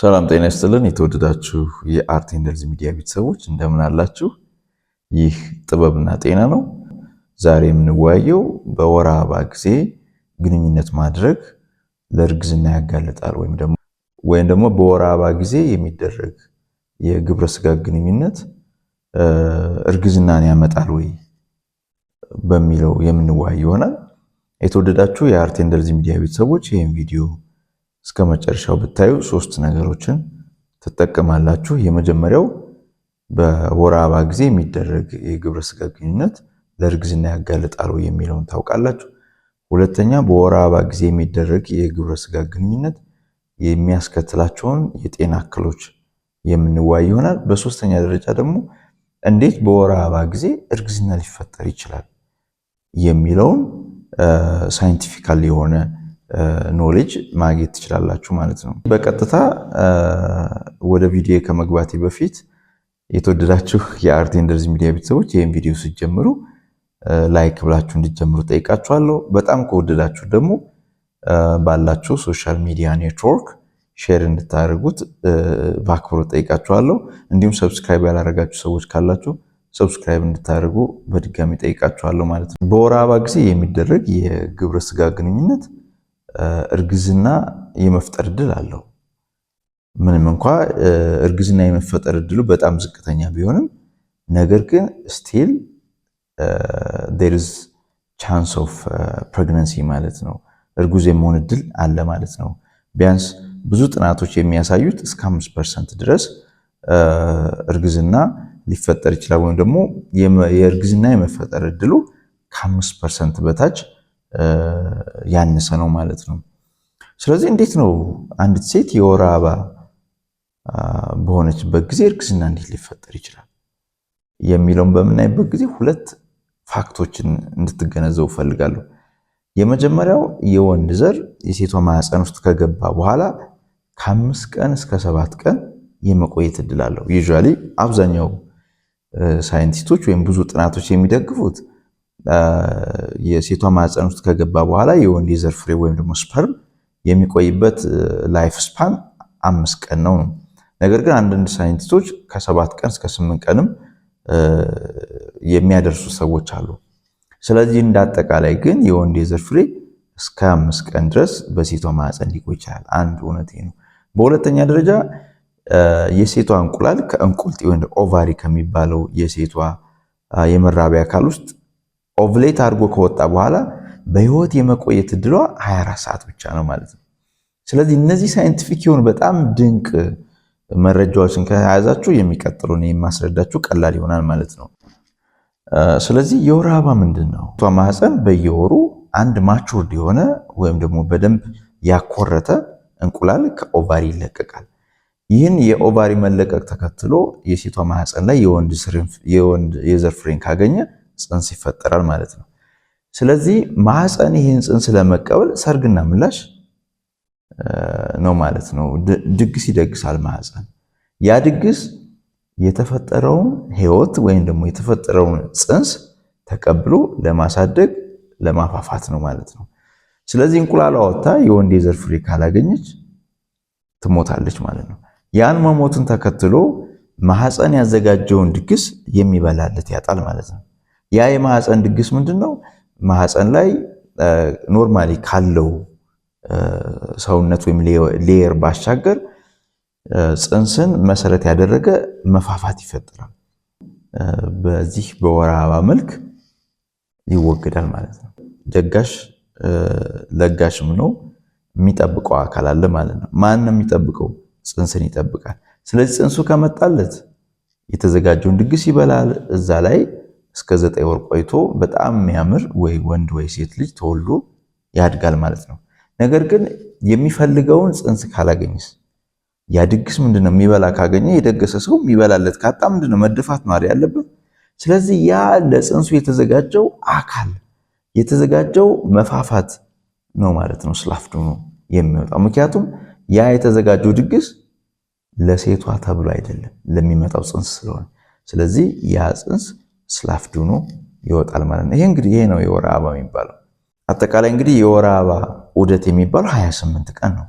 ሰላም ጤና ይስጥልን። የተወደዳችሁ የአርት ሄንደልዝ ሚዲያ ቤተሰቦች እንደምን አላችሁ? ይህ ጥበብና ጤና ነው። ዛሬ የምንወያየው በወር አበባ ጊዜ ግንኙነት ማድረግ ለእርግዝና ያጋለጣል ወይም ደግሞ በወር አበባ ጊዜ የሚደረግ የግብረ ስጋ ግንኙነት እርግዝናን ያመጣል ወይ በሚለው የምንወያይ ይሆናል። የተወደዳችሁ የአርት ሄንደልዝ ሚዲያ ቤተሰቦች ይህም ቪዲዮ እስከ መጨረሻው ብታዩ ሶስት ነገሮችን ትጠቀማላችሁ። የመጀመሪያው በወር አበባ ጊዜ የሚደረግ የግብረ ስጋ ግንኙነት ለእርግዝና ያጋልጣሉ የሚለውን ታውቃላችሁ። ሁለተኛ በወር አበባ ጊዜ የሚደረግ የግብረ ስጋ ግንኙነት የሚያስከትላቸውን የጤና እክሎች የምንዋይ ይሆናል። በሶስተኛ ደረጃ ደግሞ እንዴት በወር አበባ ጊዜ እርግዝና ሊፈጠር ይችላል የሚለውን ሳይንቲፊካል የሆነ ኖሌጅ ማግኘት ትችላላችሁ ማለት ነው። በቀጥታ ወደ ቪዲዮ ከመግባቴ በፊት የተወደዳችሁ የአርቴንደርዝ ሚዲያ ቤተሰቦች ይህን ቪዲዮ ስትጀምሩ ላይክ ብላችሁ እንዲጀምሩ ጠይቃችኋለሁ። በጣም ከወደዳችሁ ደግሞ ባላችሁ ሶሻል ሚዲያ ኔትወርክ ሼር እንድታደርጉት በአክብሮት ጠይቃችኋለሁ። እንዲሁም ሰብስክራይብ ያላደረጋችሁ ሰዎች ካላችሁ ሰብስክራይብ እንድታደርጉ በድጋሚ ጠይቃችኋለሁ ማለት ነው። በወር አበባ ጊዜ የሚደረግ የግብረ ስጋ ግንኙነት እርግዝና የመፍጠር እድል አለው። ምንም እንኳ እርግዝና የመፈጠር እድሉ በጣም ዝቅተኛ ቢሆንም ነገር ግን ስቲል ዴር ኢዝ ቻንስ ኦፍ ፕሬግነንሲ ማለት ነው። እርጉዝ የመሆን እድል አለ ማለት ነው። ቢያንስ ብዙ ጥናቶች የሚያሳዩት እስከ አምስት ፐርሰንት ድረስ እርግዝና ሊፈጠር ይችላል ወይም ደግሞ የእርግዝና የመፈጠር እድሉ ከአምስት ፐርሰንት በታች ያነሰ ነው ማለት ነው። ስለዚህ እንዴት ነው አንዲት ሴት የወር አበባ በሆነችበት ጊዜ እርግዝና እንዴት ሊፈጠር ይችላል የሚለውን በምናይበት ጊዜ ሁለት ፋክቶችን እንድትገነዘቡ እፈልጋለሁ። የመጀመሪያው የወንድ ዘር የሴቷ ማህፀን ውስጥ ከገባ በኋላ ከአምስት ቀን እስከ ሰባት ቀን የመቆየት እድል አለው። ዩዥዋሊ አብዛኛው ሳይንቲስቶች ወይም ብዙ ጥናቶች የሚደግፉት የሴቷ ማህፀን ውስጥ ከገባ በኋላ የወንድ የዘር ፍሬ ወይም ደግሞ ስፐርም የሚቆይበት ላይፍ ስፓን አምስት ቀን ነው። ነገር ግን አንዳንድ ሳይንቲስቶች ከሰባት ቀን እስከ ስምንት ቀንም የሚያደርሱ ሰዎች አሉ። ስለዚህ እንዳጠቃላይ ግን የወንድ የዘር ፍሬ እስከ አምስት ቀን ድረስ በሴቷ ማህፀን ሊቆይ ይችላል። አንድ እውነት ነው። በሁለተኛ ደረጃ የሴቷ እንቁላል ከእንቁልጤ ወይም ኦቫሪ ከሚባለው የሴቷ የመራቢያ አካል ውስጥ ኦቭሌት አድርጎ ከወጣ በኋላ በህይወት የመቆየት እድሏ 24 ሰዓት ብቻ ነው ማለት ነው። ስለዚህ እነዚህ ሳይንቲፊክ የሆኑ በጣም ድንቅ መረጃዎችን ከያዛችሁ የሚቀጥሉ የማስረዳችሁ ቀላል ይሆናል ማለት ነው። ስለዚህ የወር አበባ ምንድን ነው? ቷ ማህፀን በየወሩ አንድ ማቹርድ የሆነ ወይም ደግሞ በደንብ ያኮረተ እንቁላል ከኦቫሪ ይለቀቃል። ይህን የኦቫሪ መለቀቅ ተከትሎ የሴቷ ማህፀን ላይ የወንድ የዘር ፍሬን ካገኘ ጽንስ ይፈጠራል ማለት ነው። ስለዚህ ማህፀን ይህን ጽንስ ለመቀበል ሰርግና ምላሽ ነው ማለት ነው። ድግስ ይደግሳል ማህፀን። ያ ድግስ የተፈጠረውን ህይወት ወይም ደግሞ የተፈጠረውን ጽንስ ተቀብሎ ለማሳደግ ለማፋፋት ነው ማለት ነው። ስለዚህ እንቁላሏ ወጥታ የወንድ የዘር ፍሬ ካላገኘች ትሞታለች ማለት ነው። ያን መሞትን ተከትሎ ማህፀን ያዘጋጀውን ድግስ የሚበላለት ያጣል ማለት ነው። ያ የማህፀን ድግስ ምንድን ነው? ማህፀን ላይ ኖርማሊ ካለው ሰውነት ወይም ሌየር ባሻገር ጽንስን መሰረት ያደረገ መፋፋት ይፈጠራል። በዚህ በወር አበባ መልክ ይወገዳል ማለት ነው። ደጋሽ ለጋሽም ነው የሚጠብቀው አካል አለ ማለት ነው። ማን ነው የሚጠብቀው? ጽንስን ይጠብቃል። ስለዚህ ጽንሱ ከመጣለት የተዘጋጀውን ድግስ ይበላል። እዛ ላይ እስከ ዘጠኝ ወር ቆይቶ በጣም የሚያምር ወይ ወንድ ወይ ሴት ልጅ ተወልዶ ያድጋል ማለት ነው። ነገር ግን የሚፈልገውን ጽንስ ካላገኝስ ያ ድግስ ምንድነው? የሚበላ ካገኘ የደገሰ ሰው የሚበላለት ካጣ ምንድነው? መደፋት ማሪ ያለበት። ስለዚህ ያ ለጽንሱ የተዘጋጀው አካል የተዘጋጀው መፋፋት ነው ማለት ነው። ነው የሚወጣው ምክንያቱም ያ የተዘጋጀው ድግስ ለሴቷ ተብሎ አይደለም ለሚመጣው ጽንስ ስለሆነ ስለዚህ ያ ጽንስ ስላፍዱኑ ይወጣል ማለት ነው። ይሄ እንግዲህ ይሄ ነው የወር አበባ የሚባለው። አጠቃላይ እንግዲህ የወር አበባ ዑደት የሚባለው 28 ቀን ነው።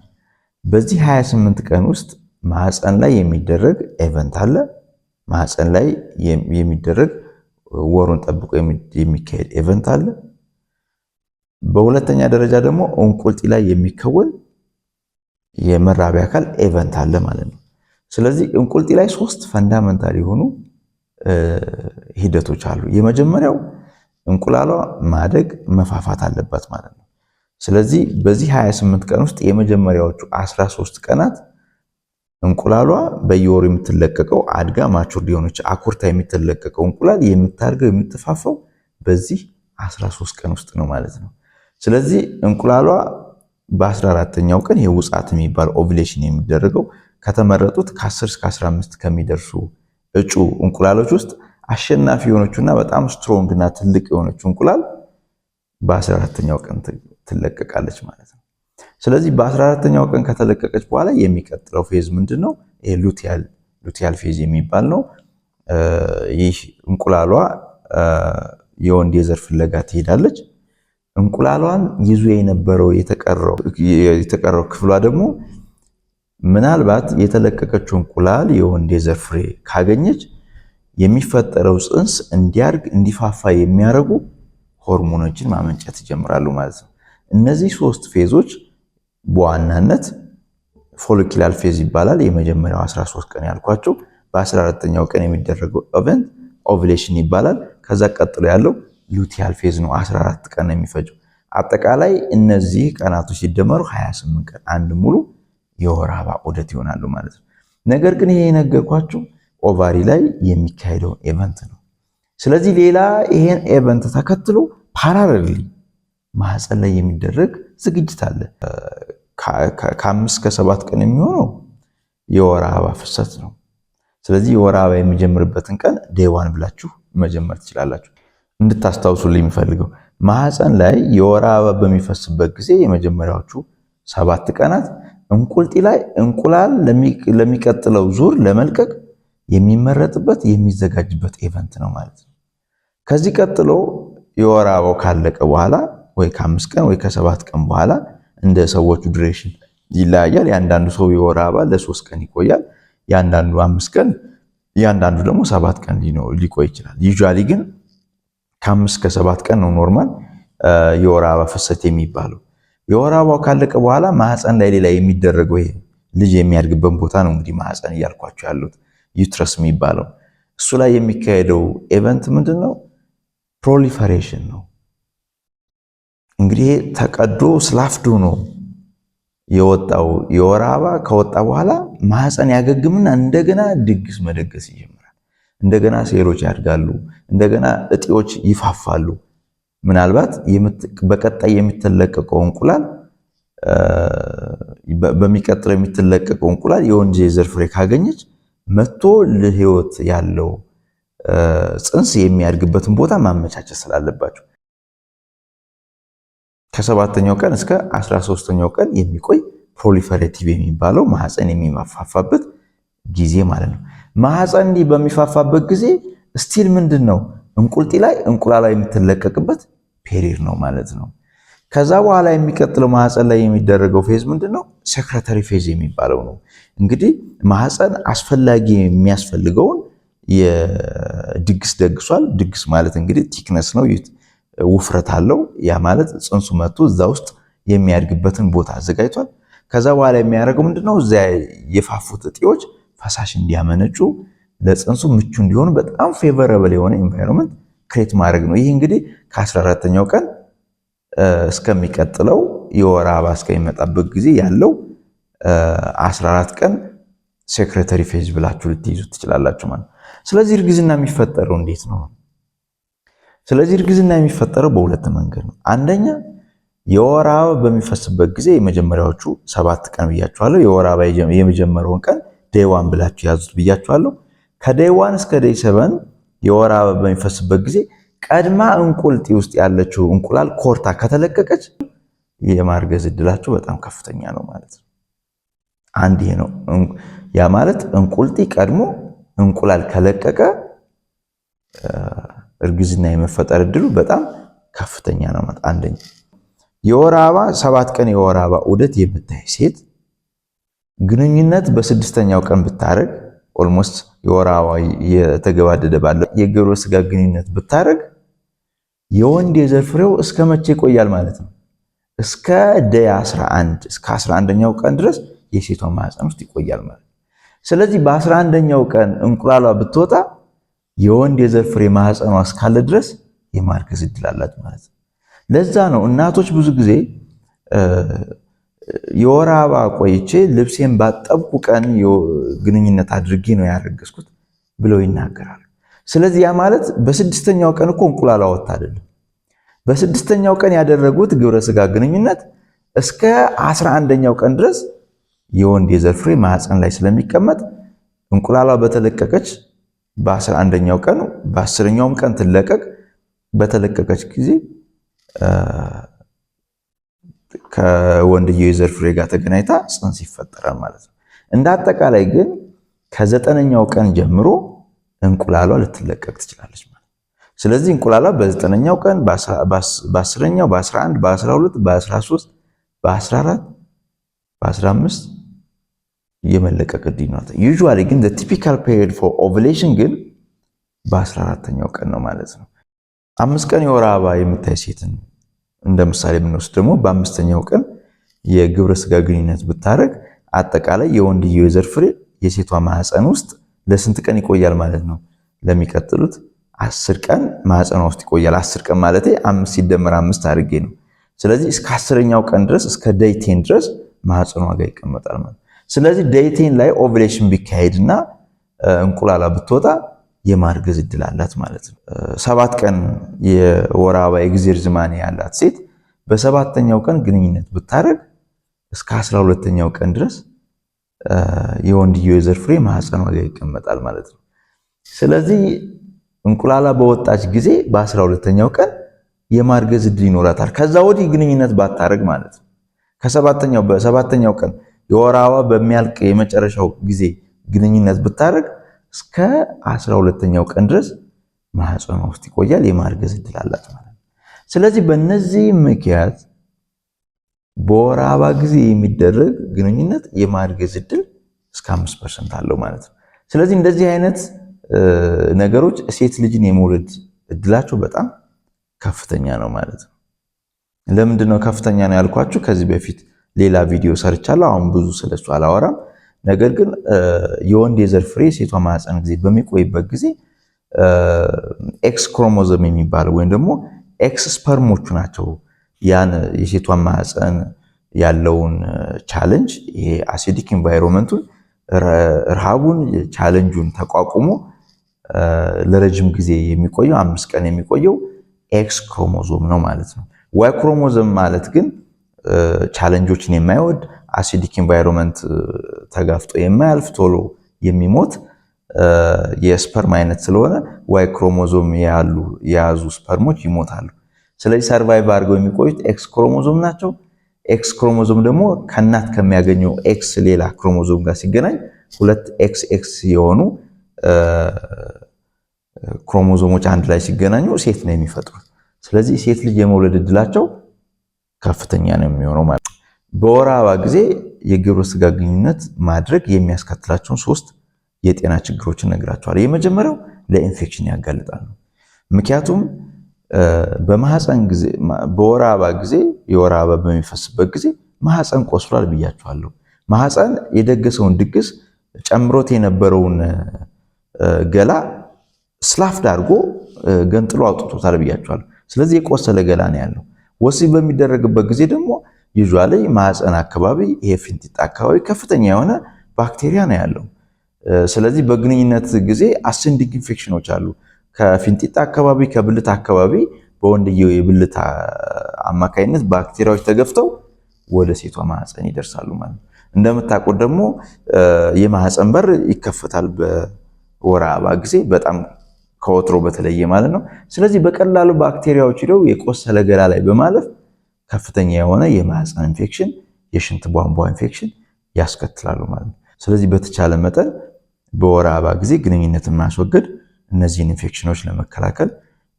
በዚህ 28 ቀን ውስጥ ማህፀን ላይ የሚደረግ ኤቨንት አለ። ማህፀን ላይ የሚደረግ ወሩን ጠብቆ የሚካሄድ ኤቨንት አለ። በሁለተኛ ደረጃ ደግሞ እንቁልጢ ላይ የሚከወን የመራቢያ አካል ኤቨንት አለ ማለት ነው። ስለዚህ እንቁልጢ ላይ ሶስት ፈንዳመንታል የሆኑ ሂደቶች አሉ። የመጀመሪያው እንቁላሏ ማደግ መፋፋት አለባት ማለት ነው። ስለዚህ በዚህ 28 ቀን ውስጥ የመጀመሪያዎቹ 13 ቀናት እንቁላሏ በየወሩ የምትለቀቀው አድጋ ማቹር ሊሆነች አኩርታ የምትለቀቀው እንቁላል የምታድገው የምትፋፋው በዚህ 13 ቀን ውስጥ ነው ማለት ነው። ስለዚህ እንቁላሏ በ14ተኛው ቀን የውጻት የሚባል ኦቪሌሽን የሚደረገው ከተመረጡት ከ10 እስከ 15 ከሚደርሱ እጩ እንቁላሎች ውስጥ አሸናፊ የሆነችውና በጣም ስትሮንግ እና ትልቅ የሆነችው እንቁላል በ 14 ኛው ቀን ትለቀቃለች ማለት ነው። ስለዚህ በ 14 ኛው ቀን ከተለቀቀች በኋላ የሚቀጥለው ፌዝ ምንድን ነው? ይሄ ሉቲያል ሉቲያል ፌዝ የሚባል ነው። ይህ እንቁላሏ የወንድ የዘር ፍለጋ ትሄዳለች። እንቁላሏን ይዞ የነበረው የተቀረው ክፍሏ ደግሞ ምናልባት የተለቀቀችው እንቁላል የወንዴ የዘር ፍሬ ካገኘች የሚፈጠረው ፅንስ እንዲያድግ እንዲፋፋ የሚያደርጉ ሆርሞኖችን ማመንጨት ይጀምራሉ ማለት ነው። እነዚህ ሶስት ፌዞች በዋናነት ፎሎኪላል ፌዝ ይባላል። የመጀመሪያው 13 ቀን ያልኳቸው፣ በ14ኛው ቀን የሚደረገው ኢቨንት ኦቭሌሽን ይባላል። ከዛ ቀጥሎ ያለው ሉቲያል ፌዝ ነው። 14 ቀን የሚፈጀው። አጠቃላይ እነዚህ ቀናቶች ሲደመሩ 28 ቀን አንድ ሙሉ የወር አበባ ዑደት ይሆናሉ ማለት ነው። ነገር ግን ይሄ የነገርኳችሁ ኦቫሪ ላይ የሚካሄደው ኤቨንት ነው። ስለዚህ ሌላ ይሄን ኤቨንት ተከትሎ ፓራሌል ማህፀን ላይ የሚደረግ ዝግጅት አለ። ከአምስት ከሰባት ቀን የሚሆነው የወር አበባ ፍሰት ነው። ስለዚህ የወር አበባ የሚጀምርበትን ቀን ዴዋን ብላችሁ መጀመር ትችላላችሁ። እንድታስታውሱልኝ የሚፈልገው ማህፀን ላይ የወር አበባ በሚፈስበት ጊዜ የመጀመሪያዎቹ ሰባት ቀናት እንቁልጢ ላይ እንቁላል ለሚቀጥለው ዙር ለመልቀቅ የሚመረጥበት የሚዘጋጅበት ኢቨንት ነው ማለት ነው። ከዚህ ቀጥሎ የወር አበባው ካለቀ በኋላ ወይ ከአምስት ቀን ወይ ከሰባት ቀን በኋላ እንደ ሰዎቹ ዱሬሽን ይለያያል። የአንዳንዱ ሰው የወር አበባ ለሶስት ቀን ይቆያል። የአንዳንዱ አምስት ቀን፣ የአንዳንዱ ደግሞ ሰባት ቀን ሊቆይ ይችላል። ዩዥዋሊ ግን ከአምስት ከሰባት ቀን ነው ኖርማል የወር አበባ ፍሰት የሚባለው። የወር አበባው ካለቀ በኋላ ማህፀን ላይ ሌላ የሚደረገው ይሄ ልጅ የሚያድግበት ቦታ ነው እንግዲህ ማህፀን እያልኳቸው ያሉት ዩትረስ የሚባለው እሱ ላይ የሚካሄደው ኤቨንት ምንድን ነው? ፕሮሊፈሬሽን ነው። እንግዲህ ተቀዶ ስላፍዶ ነው የወጣው የወር አበባ ከወጣ በኋላ ማህፀን ያገግምና እንደገና ድግስ መደገስ ይጀምራል። እንደገና ሴሎች ያድጋሉ። እንደገና እጢዎች ይፋፋሉ። ምናልባት በቀጣይ የሚተለቀቀው እንቁላል በሚቀጥለው የሚትለቀቀው እንቁላል የወንድ የዘር ፍሬ ካገኘች መቶ ለህይወት ያለው ጽንስ የሚያድግበትን ቦታ ማመቻቸት ስላለባቸው ከሰባተኛው ቀን እስከ አስራ ሶስተኛው ቀን የሚቆይ ፕሮሊፈሬቲቭ የሚባለው ማህፀን የሚፋፋበት ጊዜ ማለት ነው። ማህፀን እንዲህ በሚፋፋበት ጊዜ ስቲል ምንድን ነው እንቁልጢ ላይ እንቁላላ የምትለቀቅበት ፔሪድ ነው ማለት ነው። ከዛ በኋላ የሚቀጥለው ማህፀን ላይ የሚደረገው ፌዝ ምንድን ነው? ሴክረተሪ ፌዝ የሚባለው ነው። እንግዲህ ማህፀን አስፈላጊ የሚያስፈልገውን የድግስ ደግሷል። ድግስ ማለት እንግዲህ ቲክነስ ነው፣ ውፍረት አለው። ያ ማለት ፅንሱ መጥቶ እዛ ውስጥ የሚያድግበትን ቦታ አዘጋጅቷል። ከዛ በኋላ የሚያደርገው ምንድነው? እዚያ የፋፉት እጢዎች ፈሳሽ እንዲያመነጩ ለፅንሱ ምቹ እንዲሆኑ በጣም ፌቨረብል የሆነ ኤንቫይሮንመንት ክሬት ማድረግ ነው። ይህ እንግዲህ ከ14ተኛው ቀን እስከሚቀጥለው የወር አበባ እስከሚመጣበት ጊዜ ያለው 14 ቀን ሴክሬተሪ ፌዝ ብላችሁ ልትይዙ ትችላላችሁ ማለት ነው። ስለዚህ እርግዝና የሚፈጠረው እንዴት ነው? ስለዚህ እርግዝና የሚፈጠረው በሁለት መንገድ ነው። አንደኛ የወር አበባ በሚፈስበት ጊዜ የመጀመሪያዎቹ ሰባት ቀን ብያችኋለሁ። የወር አበባ የመጀመረውን ቀን ዴይዋን ብላችሁ ያዙት ብያችኋለሁ። ከዴይዋን እስከ ዴይ ሰቨን የወር አበባ በሚፈስበት ጊዜ ቀድማ እንቁልጢ ውስጥ ያለችው እንቁላል ኮርታ ከተለቀቀች የማርገዝ እድላችሁ በጣም ከፍተኛ ነው ማለት ነው። አንድ ይሄ ነው። ያ ማለት እንቁልጢ ቀድሞ እንቁላል ከለቀቀ እርግዝና የመፈጠር እድሉ በጣም ከፍተኛ ነው ማለት አንደኛ። የወር አበባ ሰባት ቀን የወር አበባ ዑደት የምታይ ሴት ግንኙነት በስድስተኛው ቀን ብታደርግ ኦልሞስት የወር አበባ የተገባደደ ባለው የግብረ ስጋ ግንኙነት ብታደርግ የወንድ የዘር ፍሬው እስከ መቼ ይቆያል ማለት ነው? እስከ ዴይ 11 እስከ 11ኛው ቀን ድረስ የሴቷ ማህፀን ውስጥ ይቆያል ማለት ነው። ስለዚህ በ11ኛው ቀን እንቁላሏ ብትወጣ የወንድ የዘር ፍሬ ማህፀኗ እስካለ ድረስ የማርከስ እድል አላት ማለት ነው። ለዛ ነው እናቶች ብዙ ጊዜ የወር አበባ ቆይቼ ልብሴን ባጠብኩ ቀን ግንኙነት አድርጌ ነው ያረገዝኩት ብለው ይናገራሉ። ስለዚህ ያ ማለት በስድስተኛው ቀን እኮ እንቁላል አወጥ አይደለም። በስድስተኛው ቀን ያደረጉት ግብረ ስጋ ግንኙነት እስከ አስራ አንደኛው ቀን ድረስ የወንድ የዘር ፍሬ ማህፀን ላይ ስለሚቀመጥ እንቁላሏ በተለቀቀች በአስራ አንደኛው ቀን በአስረኛውም ቀን ትለቀቅ በተለቀቀች ጊዜ ከወንድየው ፍሬ ጋር ተገናኝታ ጽንስ ይፈጠራል ማለት ነው። እንደ አጠቃላይ ግን ከዘጠነኛው ቀን ጀምሮ እንቁላሏ ልትለቀቅ ትችላለች ማለት ነው። ስለዚህ እንቁላሏ በዘጠነኛው ቀን በአስረኛው በአስራ አንድ በአስራ ሁለት በአስራ ሶስት በአስራ አራት በአስራ አምስት የመለቀቅ እድል ዩዥዋሊ ግን ቲፒካል ፔሪድ ፎር ኦቭሌሽን ግን በአስራ አራተኛው ቀን ነው ማለት ነው። አምስት ቀን የወር አበባ የምታይ ሴትን እንደ ምሳሌ ብንወስድ ደግሞ በአምስተኛው ቀን የግብረ ስጋ ግንኙነት ብታደርግ አጠቃላይ የወንድየው የዘር ፍሬ የሴቷ ማህፀን ውስጥ ለስንት ቀን ይቆያል ማለት ነው? ለሚቀጥሉት አስር ቀን ማህፀኗ ውስጥ ይቆያል። አስር ቀን ማለት አምስት ሲደመር አምስት አድርጌ ነው። ስለዚህ እስከ አስረኛው ቀን ድረስ እስከ ደይቴን ድረስ ማህፀኗ ጋር ይቀመጣል ማለት። ስለዚህ ደይቴን ላይ ኦቭሌሽን ቢካሄድና እንቁላላ ብትወጣ የማርገዝ እድል አላት ማለት ነው። ሰባት ቀን የወር አበባ የጊዜ ርዝማኔ ያላት ሴት በሰባተኛው ቀን ግንኙነት ብታደርግ እስከ አስራ ሁለተኛው ቀን ድረስ የወንድየው የዘር ፍሬ ማህፀኗ ጋር ይቀመጣል ማለት ነው። ስለዚህ እንቁላላ በወጣች ጊዜ በአስራ ሁለተኛው ቀን የማርገዝ እድል ይኖራታል። ከዛ ወዲህ ግንኙነት ባታደርግ ማለት ነው። ከሰባተኛው በሰባተኛው ቀን የወር አበባ በሚያልቅ የመጨረሻው ጊዜ ግንኙነት ብታደርግ እስከ አስራ ሁለተኛው ቀን ድረስ ማህፀኗ ውስጥ ይቆያል። የማርገዝ እድል አላት ማለት ነው። ስለዚህ በእነዚህ ምክንያት በወር አበባ ጊዜ የሚደረግ ግንኙነት የማርገዝ እድል እስከ አምስት ፐርሰንት አለው ማለት ነው። ስለዚህ እንደዚህ አይነት ነገሮች ሴት ልጅን የመውለድ እድላቸው በጣም ከፍተኛ ነው ማለት ነው። ለምንድን ነው ከፍተኛ ነው ያልኳችሁ? ከዚህ በፊት ሌላ ቪዲዮ ሰርቻለሁ። አሁን ብዙ ስለሱ አላወራም። ነገር ግን የወንድ የዘር ፍሬ ሴቷ ማህፀን ጊዜ በሚቆይበት ጊዜ ኤክስ ክሮሞዞም የሚባለው ወይም ደግሞ ኤክስ ስፐርሞቹ ናቸው ያን የሴቷን ማህፀን ያለውን ቻለንጅ ይሄ አሲዲክ ኢንቫይሮንመንቱን ረሃቡን ቻለንጁን ተቋቁሞ ለረጅም ጊዜ የሚቆየው አምስት ቀን የሚቆየው ኤክስ ክሮሞዞም ነው ማለት ነው። ዋይ ክሮሞዞም ማለት ግን ቻለንጆችን የማይወድ አሲዲክ ኢንቫይሮንመንት ተጋፍጦ የማያልፍ ቶሎ የሚሞት የስፐርም አይነት ስለሆነ ዋይ ክሮሞዞም ያሉ የያዙ ስፐርሞች ይሞታሉ። ስለዚህ ሰርቫይቭ አድርገው የሚቆዩት ኤክስ ክሮሞዞም ናቸው። ኤክስ ክሮሞዞም ደግሞ ከእናት ከሚያገኘው ኤክስ ሌላ ክሮሞዞም ጋር ሲገናኝ ሁለት ኤክስ ኤክስ የሆኑ ክሮሞዞሞች አንድ ላይ ሲገናኙ ሴት ነው የሚፈጥሩት። ስለዚህ ሴት ልጅ የመውለድ እድላቸው ከፍተኛ ነው የሚሆነው ማለት በወር አበባ ጊዜ የግብረ ስጋ ግንኙነት ማድረግ የሚያስከትላቸውን ሶስት የጤና ችግሮችን ነግራቸዋል። የመጀመሪያው ለኢንፌክሽን ያጋልጣሉ። ምክንያቱም በማህፀን ጊዜ በወር አበባ ጊዜ የወር አበባ በሚፈስበት ጊዜ ማህፀን ቆስሏል ብያቸዋለሁ። ማህፀን የደገሰውን ድግስ ጨምሮት የነበረውን ገላ ስላፍድ ዳርጎ ገንጥሎ አውጥቶታል ብያቸዋለሁ። ስለዚህ የቆሰለ ገላ ነው ያለው። ወሲብ በሚደረግበት ጊዜ ደግሞ ይዟ ላይ ማህፀን አካባቢ ይሄ ፊንጢጣ አካባቢ ከፍተኛ የሆነ ባክቴሪያ ነው ያለው። ስለዚህ በግንኙነት ጊዜ አሴንዲንግ ኢንፌክሽኖች አሉ። ከፊንጢጣ አካባቢ ከብልት አካባቢ በወንድየው የብልት አማካኝነት ባክቴሪያዎች ተገፍተው ወደ ሴቷ ማህፀን ይደርሳሉ ማለት ነው። እንደምታውቁት ደግሞ የማህፀን በር ይከፈታል በወር አበባ ጊዜ በጣም ከወትሮ በተለየ ማለት ነው። ስለዚህ በቀላሉ ባክቴሪያዎች ሄደው የቆሰለ ገላ ላይ በማለፍ ከፍተኛ የሆነ የማህፀን ኢንፌክሽን፣ የሽንት ቧንቧ ኢንፌክሽን ያስከትላሉ ማለት ነው። ስለዚህ በተቻለ መጠን በወር አበባ ጊዜ ግንኙነትን ማስወገድ እነዚህን ኢንፌክሽኖች ለመከላከል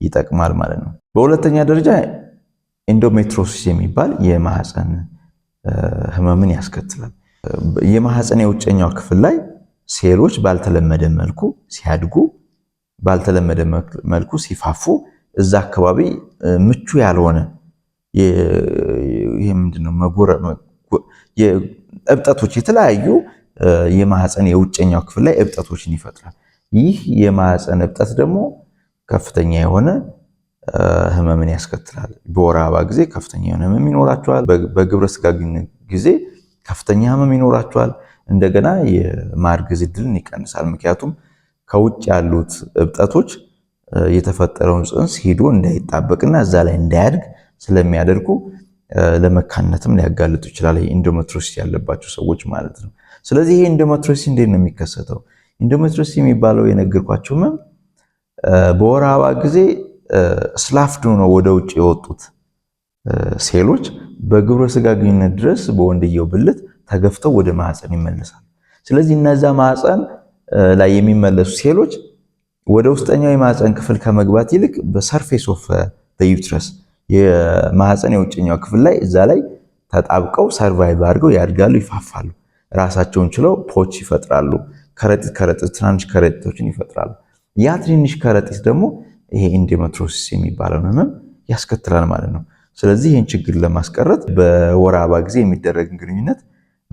ይጠቅማል ማለት ነው። በሁለተኛ ደረጃ ኢንዶሜትሮሲስ የሚባል የማህፀን ህመምን ያስከትላል። የማህፀን የውጨኛው ክፍል ላይ ሴሎች ባልተለመደ መልኩ ሲያድጉ፣ ባልተለመደ መልኩ ሲፋፉ፣ እዛ አካባቢ ምቹ ያልሆነ ይህ እብጠቶች የተለያዩ የማህፀን የውጨኛው ክፍል ላይ እብጠቶችን ይፈጥራል። ይህ የማህፀን እብጠት ደግሞ ከፍተኛ የሆነ ህመምን ያስከትላል። በወር አበባ ጊዜ ከፍተኛ የሆነ ህመም ይኖራቸዋል። በግብረ ስጋ ጊዜ ከፍተኛ ህመም ይኖራቸዋል። እንደገና የማርገዝ ዕድልን ይቀንሳል። ምክንያቱም ከውጭ ያሉት እብጠቶች የተፈጠረውን ጽንስ ሂዶ እንዳይጣበቅና እዛ ላይ እንዳያድግ ስለሚያደርጉ ለመካነትም ሊያጋልጡ ይችላል። ይሄ ኢንዶሜትሪዮሲስ ያለባቸው ሰዎች ማለት ነው። ስለዚህ ይሄ ኢንዶሜትሪዮሲስ እንዴት ነው የሚከሰተው? ኢንዶሜትሪዮሲስ የሚባለው የነገርኳቸው ህመም በወር አበባ ጊዜ ስላፍድ ነው ወደ ውጭ የወጡት ሴሎች በግብረ ስጋ ግንኙነት ድረስ በወንድየው ብልት ተገፍተው ወደ ማህፀን ይመለሳል። ስለዚህ እነዛ ማህፀን ላይ የሚመለሱ ሴሎች ወደ ውስጠኛው የማህፀን ክፍል ከመግባት ይልቅ በሰርፌስ ኦፍ በዩትረስ የማህፀን የውጭኛው ክፍል ላይ እዛ ላይ ተጣብቀው ሰርቫይቭ አድርገው ያድጋሉ፣ ይፋፋሉ፣ ራሳቸውን ችለው ፖች ይፈጥራሉ። ከረጢት ከረጢት ትናንሽ ከረጢቶችን ይፈጥራሉ። ያ ትንንሽ ከረጢት ደግሞ ይሄ ኢንዶሜትሪዮሲስ የሚባለውን ህመም ያስከትላል ማለት ነው። ስለዚህ ይህን ችግር ለማስቀረት በወር አበባ ጊዜ የሚደረግን ግንኙነት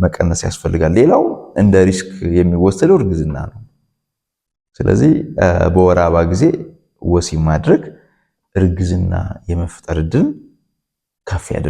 መቀነስ ያስፈልጋል። ሌላው እንደ ሪስክ የሚወሰደው እርግዝና ነው። ስለዚህ በወር አበባ ጊዜ ወሲብ ማድረግ እርግዝና የመፍጠር እድል ከፍ ያደርጋል።